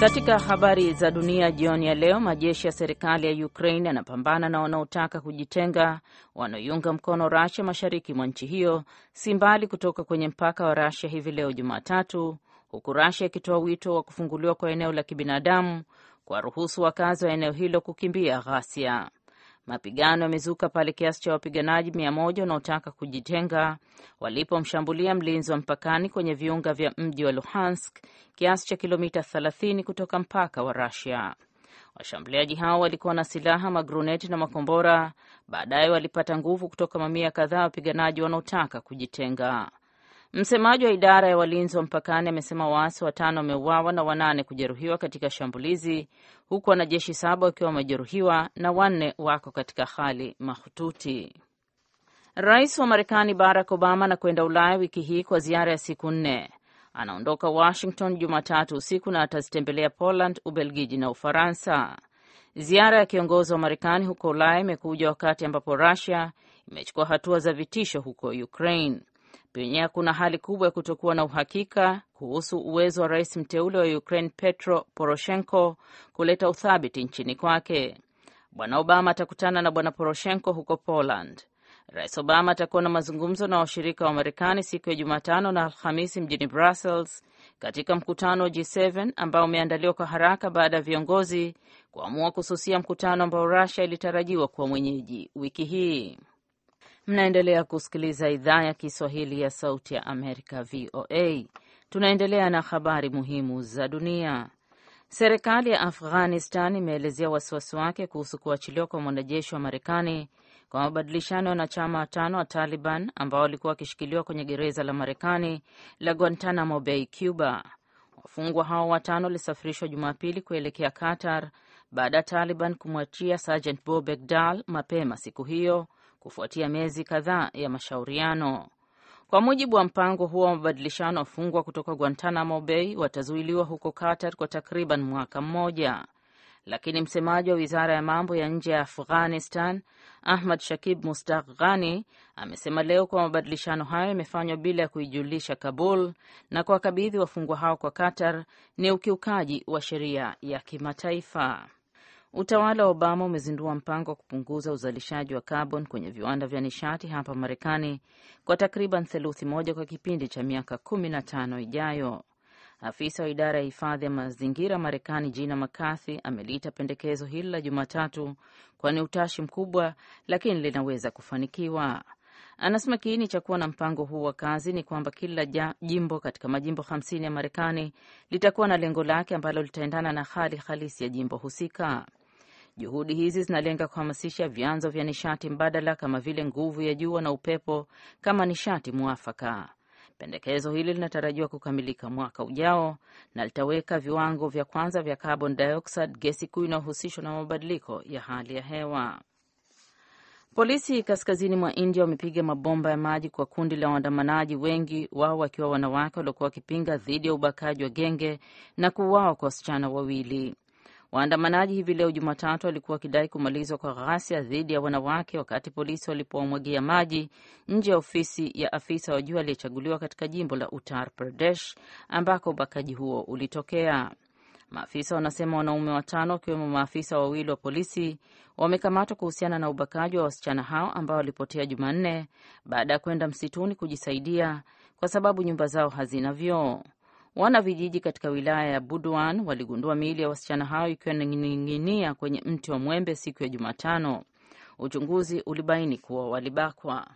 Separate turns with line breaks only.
Katika habari za dunia jioni ya leo, majeshi ya serikali ya Ukraine yanapambana na wanaotaka kujitenga wanaoiunga mkono rasia mashariki mwa nchi hiyo, si mbali kutoka kwenye mpaka wa rasia hivi leo Jumatatu, huku Rasia ikitoa wito wa kufunguliwa kwa eneo la kibinadamu kwa ruhusu wakazi wa eneo hilo kukimbia ghasia. Mapigano yamezuka pale kiasi cha wapiganaji mia moja wanaotaka kujitenga walipomshambulia mlinzi wa mpakani kwenye viunga vya mji wa Luhansk, kiasi cha kilomita 30 kutoka mpaka wa Rusia. Washambuliaji hao walikuwa na silaha, magruneti na makombora. Baadaye walipata nguvu kutoka mamia kadhaa wapiganaji wanaotaka kujitenga. Msemaji wa idara ya walinzi wa mpakani amesema waasi watano wameuawa na wanane kujeruhiwa katika shambulizi, huku wanajeshi saba wakiwa wamejeruhiwa na wanne wako katika hali mahututi. Rais wa Marekani Barack Obama anakwenda Ulaya wiki hii kwa ziara ya siku nne. Anaondoka Washington Jumatatu usiku na atazitembelea Poland, Ubelgiji na Ufaransa. Ziara ya kiongozi wa Marekani huko Ulaya imekuja wakati ambapo Rusia imechukua hatua za vitisho huko Ukraine. Pia kuna hali kubwa ya kutokuwa na uhakika kuhusu uwezo wa rais mteule wa Ukraine Petro Poroshenko kuleta uthabiti nchini kwake. Bwana Obama atakutana na Bwana Poroshenko huko Poland. Rais Obama atakuwa na mazungumzo na washirika wa Marekani siku ya Jumatano na Alhamisi mjini Brussels katika mkutano wa G7 ambao umeandaliwa kwa haraka baada ya viongozi kuamua kususia mkutano ambao Rusia ilitarajiwa kuwa mwenyeji wiki hii. Mnaendelea kusikiliza idhaa ya Kiswahili ya Sauti ya Amerika, VOA. Tunaendelea na habari muhimu za dunia. Serikali ya Afghanistan imeelezea wasiwasi wake kuhusu kuachiliwa kwa mwanajeshi wa Marekani kwa mabadilishano ya wanachama watano wa Taliban ambao walikuwa wakishikiliwa kwenye gereza la Marekani la Guantanamo Bay, Cuba. Wafungwa hao watano walisafirishwa Jumapili kuelekea Qatar baada ya Taliban kumwachia Sergeant Bo Begdal mapema siku hiyo, kufuatia miezi kadhaa ya mashauriano. Kwa mujibu wa mpango huo wa mabadilishano, wafungwa kutoka Guantanamo Bay watazuiliwa huko Qatar kwa takriban mwaka mmoja, lakini msemaji wa wizara ya mambo ya nje ya Afghanistan Ahmad Shakib Mustaq Ghani amesema leo kuwa mabadilishano hayo yamefanywa bila ya kuijulisha Kabul na kuwakabidhi wafungwa hao kwa Qatar ni ukiukaji wa sheria ya kimataifa. Utawala wa Obama umezindua mpango wa kupunguza uzalishaji wa carbon kwenye viwanda vya nishati hapa Marekani kwa takriban theluthi moja kwa kipindi cha miaka kumi na tano ijayo. Afisa wa idara ya hifadhi ya mazingira Marekani Gina McCarthy ameliita pendekezo hili la Jumatatu kwani ni utashi mkubwa, lakini linaweza kufanikiwa. Anasema kiini cha kuwa na mpango huu wa kazi ni kwamba kila ja, jimbo katika majimbo 50 ya Marekani litakuwa na lengo lake ambalo litaendana na hali halisi ya jimbo husika. Juhudi hizi zinalenga kuhamasisha vyanzo vya nishati mbadala kama vile nguvu ya jua na upepo kama nishati mwafaka. Pendekezo hili linatarajiwa kukamilika mwaka ujao na litaweka viwango vya kwanza vya carbon dioxide, gesi kuu inayohusishwa na mabadiliko ya hali ya hewa. Polisi kaskazini mwa India wamepiga mabomba ya maji kwa kundi la waandamanaji, wengi wao wakiwa wanawake waliokuwa wakipinga dhidi ya ubakaji wa genge na kuuawa kwa wasichana wawili. Waandamanaji hivi leo Jumatatu walikuwa wakidai kumalizwa kwa ghasia dhidi ya wanawake wakati polisi walipowamwagia maji nje ya ofisi ya afisa wa juu aliyechaguliwa katika jimbo la Uttar Pradesh ambako ubakaji huo ulitokea. Maafisa wanasema wanaume watano wakiwemo maafisa wawili wa polisi wamekamatwa kuhusiana na ubakaji wa wasichana hao ambao walipotea Jumanne baada ya kwenda msituni kujisaidia kwa sababu nyumba zao hazina vyoo. Wanavijiji katika wilaya ya Buduan waligundua miili ya wasichana hao ikiwa inaning'inia kwenye mti wa mwembe siku ya Jumatano. Uchunguzi ulibaini kuwa walibakwa.